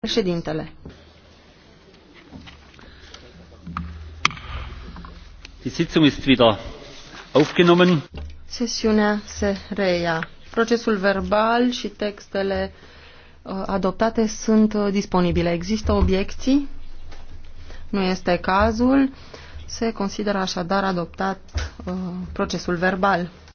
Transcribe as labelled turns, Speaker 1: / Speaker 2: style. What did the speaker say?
Speaker 1: Președintele.
Speaker 2: Die Sitzung ist wieder aufgenommen.
Speaker 3: Sesiunea se reia. Procesul verbal și textele uh, adoptate sunt uh, disponibile. Există obiecții? Nu este cazul. Se consideră așadar adoptat uh, procesul verbal.